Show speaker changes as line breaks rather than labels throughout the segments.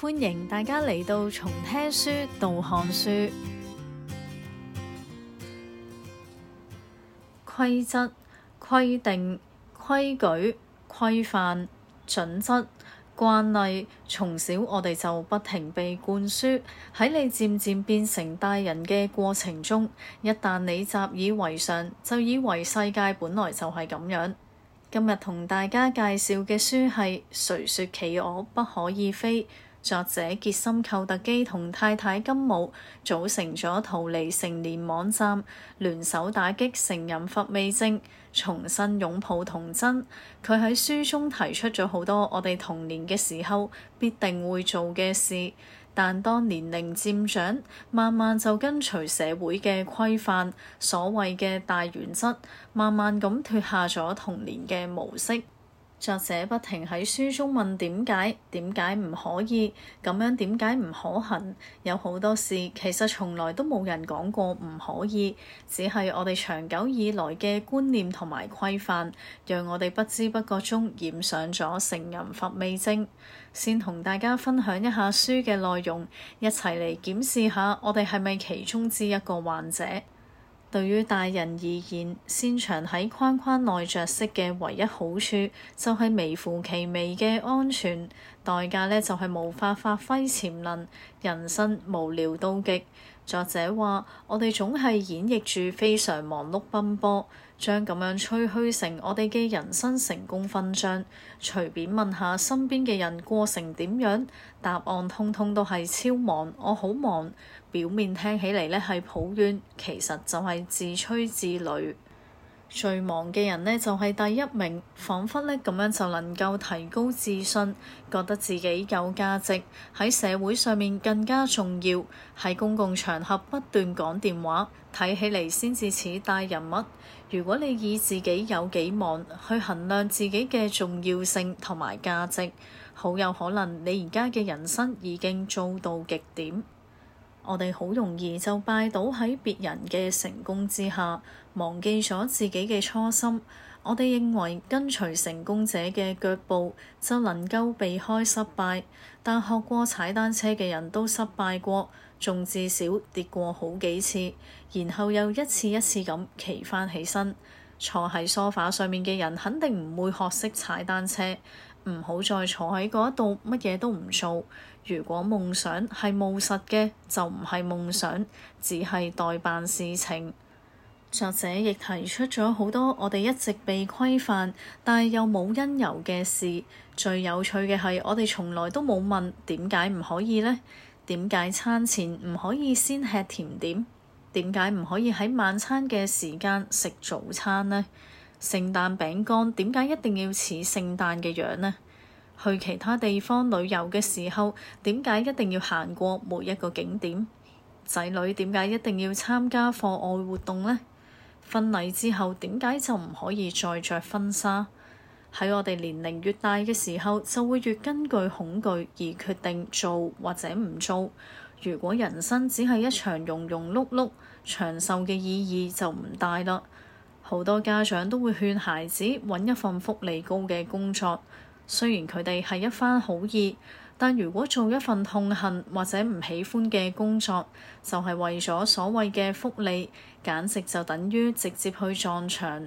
歡迎大家嚟到從聽書到看書。規則、規定、規矩、規範、準則、慣例，從小我哋就不停被灌輸。喺你漸漸變成大人嘅過程中，一旦你習以為常，就以為世界本來就係咁樣。今日同大家介紹嘅書係《誰說企鵝不可以飛》。作者傑森寇特基同太太金姆組成咗逃離成年網站，聯手打擊成人乏味症，重新擁抱童真。佢喺書中提出咗好多我哋童年嘅時候必定會做嘅事，但當年齡漸長，慢慢就跟隨社會嘅規範，所謂嘅大原則，慢慢咁脫下咗童年嘅模式。作者不停喺書中問點解？點解唔可以？咁樣點解唔可行？有好多事其實從來都冇人講過唔可以，只係我哋長久以來嘅觀念同埋規範，讓我哋不知不覺中染上咗成人乏味症。先同大家分享一下書嘅內容，一齊嚟檢視下我哋係咪其中之一個患者。對於大人而言，擅長喺框框內着色嘅唯一好處就係微乎其微嘅安全。代價呢，就係無法發揮潛能，人生無聊到極。作者話：我哋總係演繹住非常忙碌奔波，將咁樣吹噓成我哋嘅人生成功勳章。隨便問下身邊嘅人過成點樣，答案通通都係超忙。我好忙，表面聽起嚟呢係抱怨，其實就係自吹自擂。最忙嘅人呢，就係第一名，仿佛呢咁樣就能夠提高自信，覺得自己有價值，喺社會上面更加重要，喺公共場合不斷講電話睇起嚟先至似大人物。如果你以自己有幾忙去衡量自己嘅重要性同埋價值，好有可能你而家嘅人生已經做到極點。我哋好容易就拜倒喺別人嘅成功之下，忘記咗自己嘅初心。我哋認為跟隨成功者嘅腳步，就能夠避開失敗。但學過踩單車嘅人都失敗過，仲至少跌過好幾次，然後又一次一次咁企翻起身。坐喺梳化上面嘅人肯定唔會學識踩單車。唔好再坐喺嗰度，乜嘢都唔做。如果夢想係務實嘅，就唔係夢想，只係代辦事情。作者亦提出咗好多我哋一直被規範，但係又冇因由嘅事。最有趣嘅係我哋從來都冇問點解唔可以咧？點解餐前唔可以先吃甜點？點解唔可以喺晚餐嘅時間食早餐咧？聖誕餅乾點解一定要似聖誕嘅樣呢？去其他地方旅遊嘅時候，點解一定要行過每一個景點？仔女點解一定要參加課外活動呢？婚禮之後點解就唔可以再着婚紗？喺我哋年齡越大嘅時候，就會越根據恐懼而決定做或者唔做。如果人生只係一場庸庸碌碌，長壽嘅意義就唔大啦。好多家長都會勸孩子揾一份福利高嘅工作，雖然佢哋係一番好意，但如果做一份痛恨或者唔喜歡嘅工作，就係為咗所謂嘅福利，簡直就等於直接去撞牆。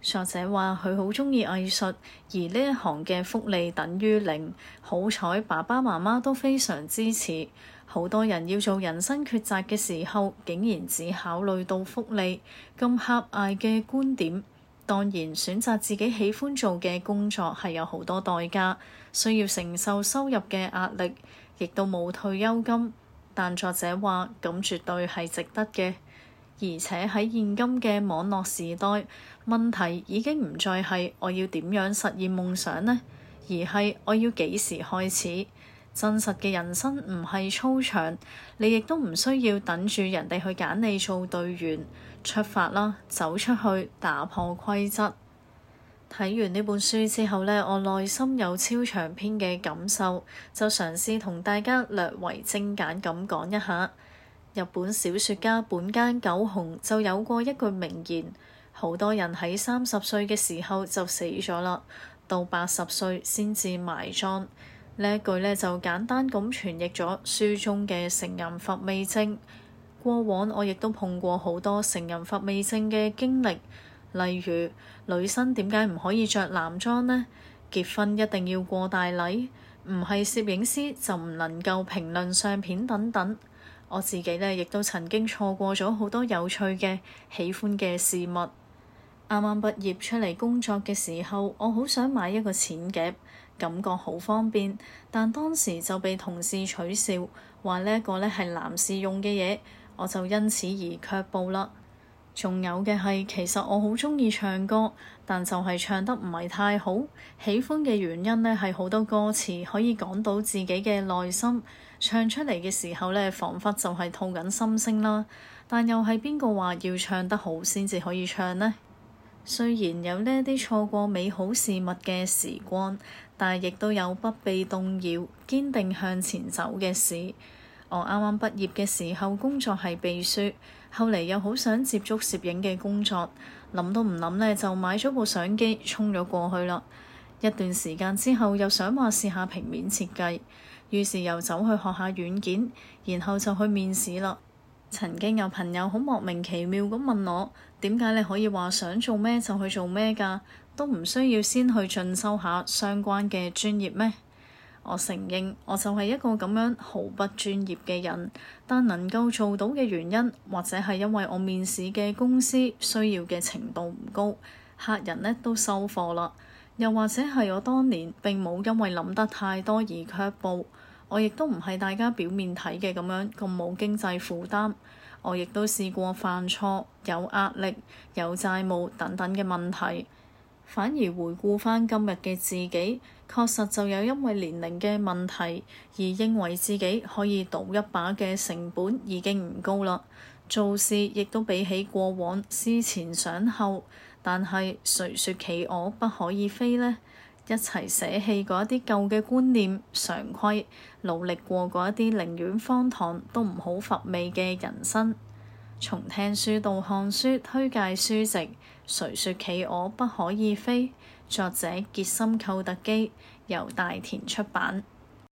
作者話：佢好中意藝術，而呢一行嘅福利等於零，好彩爸爸媽媽都非常支持。好多人要做人生抉擇嘅時候，竟然只考慮到福利，咁狹隘嘅觀點。當然，選擇自己喜歡做嘅工作係有好多代價，需要承受收入嘅壓力，亦都冇退休金。但作者話：咁絕對係值得嘅，而且喺現今嘅網絡時代，問題已經唔再係「我要點樣實現夢想呢」，而係「我要幾時開始」。真實嘅人生唔係操場，你亦都唔需要等住人哋去揀你做隊員出發啦，走出去打破規則。睇完呢本書之後呢，我內心有超長篇嘅感受，就嘗試同大家略為精簡咁講一下。日本小說家本間九雄就有過一句名言：好多人喺三十歲嘅時候就死咗啦，到八十歲先至埋葬。呢一句咧就簡單咁傳譯咗書中嘅成人乏味症。過往我亦都碰過好多成人乏味症嘅經歷，例如女生點解唔可以着男裝呢？結婚一定要過大禮，唔係攝影師就唔能夠評論相片等等。我自己呢，亦都曾經錯過咗好多有趣嘅喜歡嘅事物。啱啱畢業出嚟工作嘅時候，我好想買一個錢夾。感覺好方便，但當時就被同事取笑，話呢個呢係男士用嘅嘢，我就因此而卻步啦。仲有嘅係，其實我好中意唱歌，但就係唱得唔係太好。喜歡嘅原因呢，係好多歌詞可以講到自己嘅內心，唱出嚟嘅時候呢，彷彿就係吐緊心聲啦。但又係邊個話要唱得好先至可以唱呢？雖然有呢啲錯過美好事物嘅時光，但係亦都有不被動搖、堅定向前走嘅事。我啱啱畢業嘅時候工作係秘書，後嚟又好想接觸攝影嘅工作，諗都唔諗呢，就買咗部相機沖咗過去啦。一段時間之後又想話試下平面設計，於是又走去學下軟件，然後就去面試啦。曾經有朋友好莫名其妙咁問我，點解你可以話想做咩就去做咩㗎？都唔需要先去進修下相關嘅專業咩？我承認，我就係一個咁樣毫不專業嘅人。但能夠做到嘅原因，或者係因為我面試嘅公司需要嘅程度唔高，客人呢都收貨啦。又或者係我當年並冇因為諗得太多而卻步。我亦都唔係大家表面睇嘅咁樣咁冇經濟負擔，我亦都試過犯錯、有壓力、有債務等等嘅問題。反而回顧返今日嘅自己，確實就有因為年齡嘅問題而認為自己可以賭一把嘅成本已經唔高啦。做事亦都比起過往思前想後，但係誰説企鵝不可以飛呢？一齊捨棄嗰啲舊嘅觀念常規，努力過嗰啲寧願荒唐都唔好乏味嘅人生。從聽書到看書，推介書籍《誰說企鵝不可以飛》，作者傑森寇特基，由大田出版。